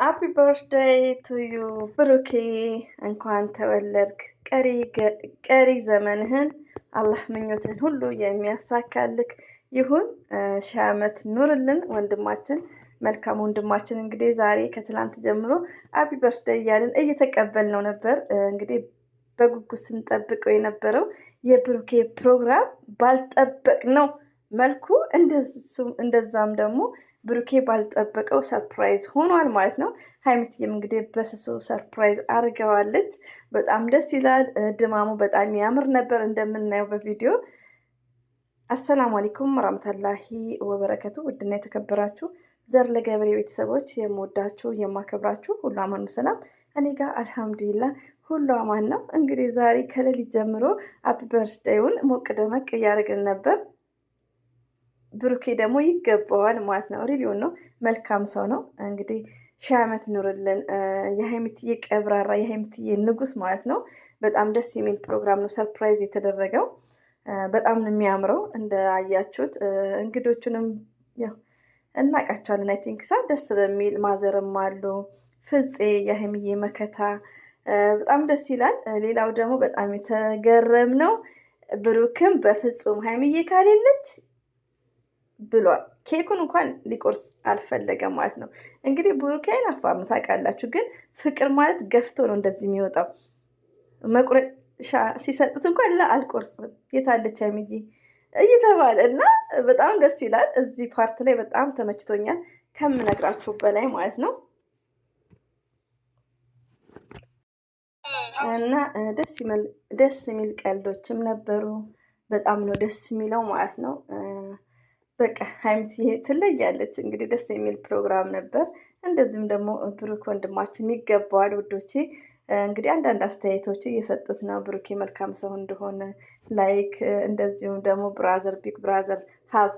ሃፒ በርትደይ ቱዩ ብሩኬ፣ እንኳን ተወለድክ። ቀሪ ዘመንህን አላህ ምኞትን ሁሉ የሚያሳካልክ ይሁን። ሺ ዓመት ኑርልን ወንድማችን፣ መልካም ወንድማችን። እንግዲህ ዛሬ ከትላንት ጀምሮ ሃፒ በርትደይ እያልን እየተቀበልነው ነበር። እንግዲህ በጉጉት ስንጠብቀው የነበረው የብሩኬ ፕሮግራም ባልጠበቅ ነው መልኩ እንደዛም ደግሞ ብሩኬ ባልጠበቀው ሰርፕራይዝ ሆኗል ማለት ነው። ሀይሚትዬም እንግዲህ በስሱ ሰርፕራይዝ አድርገዋለች። በጣም ደስ ይላል። ድማሙ በጣም ያምር ነበር እንደምናየው በቪዲዮ። አሰላሙ አሊኩም ወራህመቱላሂ ወበረከቱ። ውድና የተከበራችሁ ዘር ለገበሬ ቤተሰቦች የምወዳችሁ የማከብራችሁ ሁሉ አማኑ ሰላም፣ እኔ ጋር አልሐምዱሊላ ሁሉ አማን ነው። እንግዲህ ዛሬ ከሌሊት ጀምሮ አፕ በርስደውን ሞቅ ደመቅ እያደረግን ነበር። ብሩኬ ደግሞ ይገባዋል ማለት ነው። ሪሊዮን ነው፣ መልካም ሰው ነው። እንግዲህ ሺህ ዓመት ኑርልን። የሀይሚትዬ ቀብራራ፣ የሀይሚትዬ ንጉስ ማለት ነው። በጣም ደስ የሚል ፕሮግራም ነው። ሰርፕራይዝ የተደረገው በጣም ነው የሚያምረው። እንዳያችሁት እንግዶቹንም እናቃቸዋለን አይ ቲንክ ሳ ደስ በሚል ማዘርም አሉ። ፍፄ የሀይሚዬ መከታ በጣም ደስ ይላል። ሌላው ደግሞ በጣም የተገረም ነው ብሩክም በፍጹም ሀይሚዬ ካሌለች ብሏል። ኬኩን እንኳን ሊቆርስ አልፈለገም ማለት ነው። እንግዲህ ብሩኬ አፋም ታውቃላችሁ። ግን ፍቅር ማለት ገፍቶ ነው እንደዚህ የሚወጣው። መቁረሻ ሲሰጡት እንኳን ላ አልቆርስም የታለች ሚጂ እየተባለ እና በጣም ደስ ይላል። እዚህ ፓርት ላይ በጣም ተመችቶኛል ከምነግራችሁ በላይ ማለት ነው። እና ደስ የሚል ቀልዶችም ነበሩ። በጣም ነው ደስ የሚለው ማለት ነው። በቃ ሀይሚትዬ ትለያለች። እንግዲህ ደስ የሚል ፕሮግራም ነበር። እንደዚሁም ደግሞ ብሩክ ወንድማችን ይገባዋል። ውዶቼ እንግዲህ አንዳንድ አስተያየቶች እየሰጡት ነው። ብሩክ መልካም ሰው እንደሆነ ላይክ፣ እንደዚሁም ደግሞ ብራዘር ቢግ ብራዘር ሀብ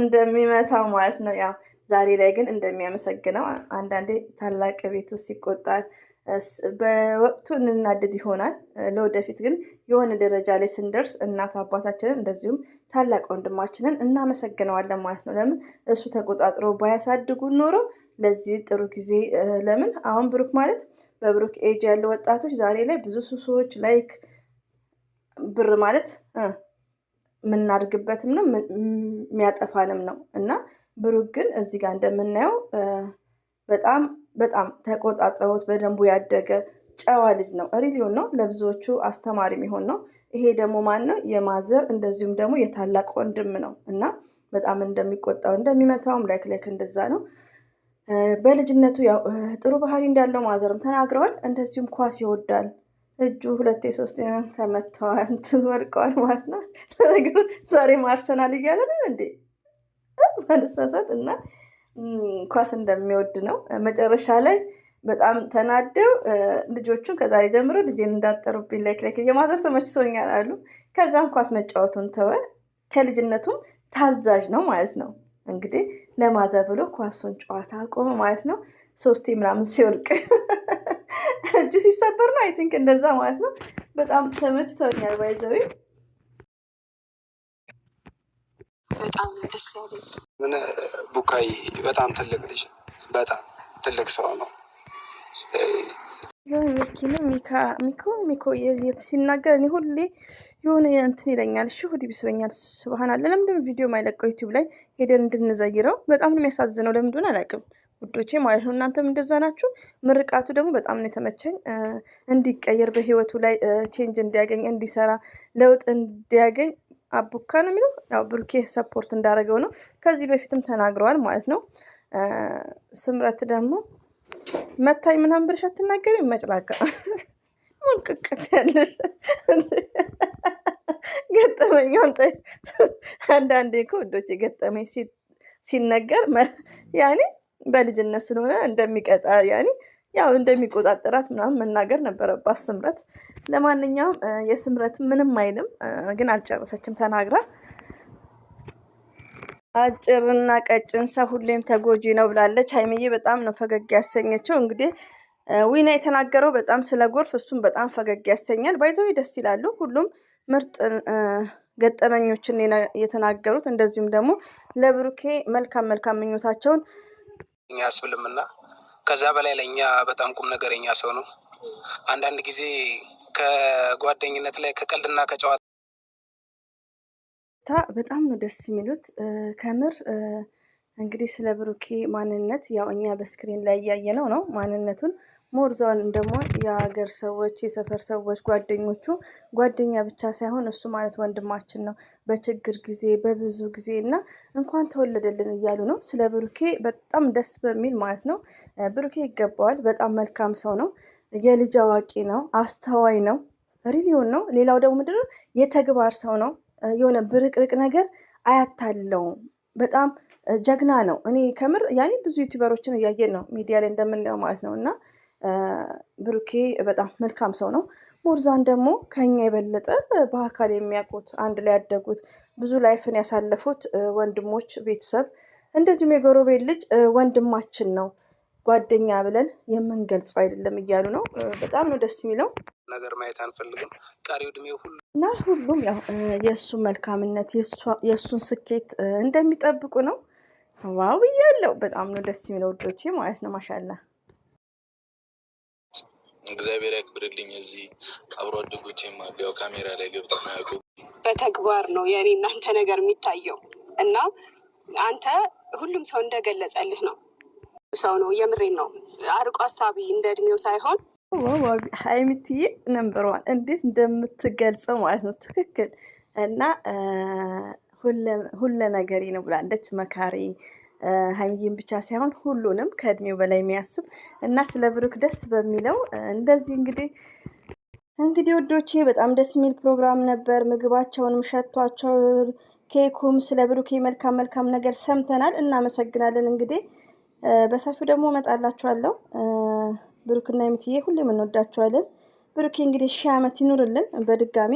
እንደሚመታው ማለት ነው። ያው ዛሬ ላይ ግን እንደሚያመሰግነው አንዳንዴ ታላቅ ውስጥ ይቆጣል። በወቅቱ እንናደድ ይሆናል። ለወደፊት ግን የሆነ ደረጃ ላይ ስንደርስ እናት አባታችንን እንደዚሁም ታላቅ ወንድማችንን እናመሰግነዋለን ማለት ነው። ለምን እሱ ተቆጣጥሮ ባያሳድጉን ኖሮ ለዚህ ጥሩ ጊዜ ለምን አሁን ብሩክ ማለት በብሩክ ኤጅ ያለ ወጣቶች ዛሬ ላይ ብዙ ሱሶች፣ ላይክ ብር ማለት የምናድግበትም ነው የሚያጠፋንም ነው እና ብሩክ ግን እዚህ ጋር እንደምናየው በጣም በጣም ተቆጣጥረውት በደንቡ ያደገ ጨዋ ልጅ ነው። ሪሊዮን ነው። ለብዙዎቹ አስተማሪ የሚሆን ነው። ይሄ ደግሞ ማን ነው? የማዘር እንደዚሁም ደግሞ የታላቅ ወንድም ነው እና በጣም እንደሚቆጣው እንደሚመታውም ላይክ ላይክ እንደዛ ነው። በልጅነቱ ያው ጥሩ ባህሪ እንዳለው ማዘርም ተናግረዋል። እንደዚሁም ኳስ ይወዳል። እጁ ሁለቴ ሶስት ተመተዋል፣ ወድቀዋል ማለት ነው። ለነገሩ ዛሬ ማርሰናል እያለን እንዴ ባልሳሳት እና ኳስ እንደሚወድ ነው መጨረሻ ላይ በጣም ተናደው ልጆቹን ከዛሬ ጀምሮ ልጄን እንዳጠሩብኝ ላይክ ላይክ የማዘር ተመችቶኛል አሉ። ከዛም ኳስ መጫወቱን ተወ። ከልጅነቱም ታዛዥ ነው ማለት ነው። እንግዲህ ለማዘር ብሎ ኳሱን ጨዋታ አቆመ ማለት ነው። ሶስቴ ምናምን ሲወልቅ እጁ ሲሰበር ነው አይ ቲንክ እንደዛ ማለት ነው። በጣም ተመችተውኛል። ባይዘዊ በጣም ደስ ያለኝ ምን ቡካይ በጣም ትልቅ ልጅ በጣም ትልቅ ሰው ነው። እዛ የኪኒ ሚኮ ሚኮ ሲናገር እኔ ሁሌ የሆነ እንትን ይለኛል። እሺ ሁድ ይብስበኛል። ስብሀን አለ። ለምንድን ቪዲዮ ማይለቀው ዩቲዩብ ላይ ሄደን እንድንዘይረው በጣም ነው የሚያሳዝነው። ለምንድን አላውቅም ውዶቼ ማለት ነው። እናንተም እንደዛ ናችሁ። ምርቃቱ ደግሞ በጣም ነው የተመቸኝ። እንዲቀየር በህይወቱ ላይ ቼንጅ እንዲያገኝ እንዲሰራ ለውጥ እንዲያገኝ አቡካ ነው የሚለው ያው ብሩኬ ሰፖርት እንዳደረገው ነው። ከዚህ በፊትም ተናግረዋል ማለት ነው። ስምረት ደግሞ መታኝ ምናምን ብለሽ አትናገሪም። መጭላቃ ቅቅት ያለሽ ገጠመኛውን አንዳንዴ እኮ ወንዶች የገጠመኝ ሲነገር ያኔ በልጅነት ስለሆነ እንደሚቀጣ ያኔ ያው እንደሚቆጣጠራት ምናምን መናገር ነበረባት ስምረት። ለማንኛውም የስምረት ምንም አይልም ግን አልጨረሰችም ተናግራ አጭርና ቀጭን ሰው ሁሌም ተጎጂ ነው ብላለች ሀይምዬ በጣም ነው ፈገግ ያሰኘችው። እንግዲህ ዊና የተናገረው በጣም ስለ ጎርፍ፣ እሱም በጣም ፈገግ ያሰኛል። ባይዘው ደስ ይላሉ። ሁሉም ምርጥ ገጠመኞችን የተናገሩት እንደዚሁም ደግሞ ለብሩኬ መልካም መልካም ምኞታቸውን ያስብልምና ከዛ በላይ ለእኛ በጣም ቁም ነገረኛ ሰው ነው። አንዳንድ ጊዜ ከጓደኝነት ላይ ከቀልድና ከጨዋታ ሩታ በጣም ነው ደስ የሚሉት ከምር። እንግዲህ ስለ ብሩኬ ማንነት ያው እኛ በስክሪን ላይ እያየ ነው ነው ማንነቱን ሞርዛን ደግሞ የሀገር ሰዎች፣ የሰፈር ሰዎች፣ ጓደኞቹ ጓደኛ ብቻ ሳይሆን እሱ ማለት ወንድማችን ነው። በችግር ጊዜ በብዙ ጊዜ እና እንኳን ተወለደልን እያሉ ነው። ስለ ብሩኬ በጣም ደስ በሚል ማለት ነው። ብሩኬ ይገባዋል። በጣም መልካም ሰው ነው። የልጅ አዋቂ ነው። አስተዋይ ነው። ሪሊዮን ነው። ሌላው ደግሞ ምንድነው የተግባር ሰው ነው። የሆነ ብርቅርቅ ነገር አያታለውም። በጣም ጀግና ነው። እኔ ከምር ያኔ ብዙ ዩቲዩበሮችን እያየን ነው ሚዲያ ላይ እንደምናየው ማለት ነው። እና ብሩኬ በጣም መልካም ሰው ነው። ሞርዛን ደግሞ ከኛ የበለጠ በአካል የሚያውቁት አንድ ላይ ያደጉት ብዙ ላይፍን ያሳለፉት ወንድሞች፣ ቤተሰብ እንደዚሁም የጎረቤት ልጅ ወንድማችን ነው ጓደኛ ብለን የምንገልጸው አይደለም እያሉ ነው። በጣም ነው ደስ የሚለው ነገር ማየት አንፈልግም ቀሪው ዕድሜ ሁሉ እና ሁሉም ያው የእሱ መልካምነት የእሱን ስኬት እንደሚጠብቁ ነው። ዋው ብያለው። በጣም ነው ደስ የሚለው ውዶቼ ማለት ነው። ማሻላ እግዚአብሔር ያክብርልኝ። እዚህ አብሮ አደጎቼም ያው ካሜራ ላይ ገብተው ማያውቁ በተግባር ነው የኔ እናንተ ነገር የሚታየው እና አንተ ሁሉም ሰው እንደገለጸልህ ነው ሰው ነው። የምሬን ነው። አርቆ ሀሳቢ እንደ እድሜው ሳይሆን ዋዋቢ ሀይሚትዬ ነንበሯን እንዴት እንደምትገልጸው ማለት ነው። ትክክል እና ሁለ ነገር ነው ብላለች። መካሪ ሀይሚዬን ብቻ ሳይሆን ሁሉንም ከእድሜው በላይ የሚያስብ እና ስለ ብሩክ ደስ በሚለው እንደዚህ እንግዲህ እንግዲህ ወዶቼ በጣም ደስ የሚል ፕሮግራም ነበር። ምግባቸውንም ሸቷቸው፣ ኬኩም ስለ ብሩኬ መልካም መልካም ነገር ሰምተናል። እናመሰግናለን። እንግዲህ በሰፊው ደግሞ እመጣላችኋለሁ። ብሩክና የምትዬ ሁሌም እንወዳቸዋለን። ብሩኬ እንግዲህ ሺህ ዓመት ይኑርልን በድጋሚ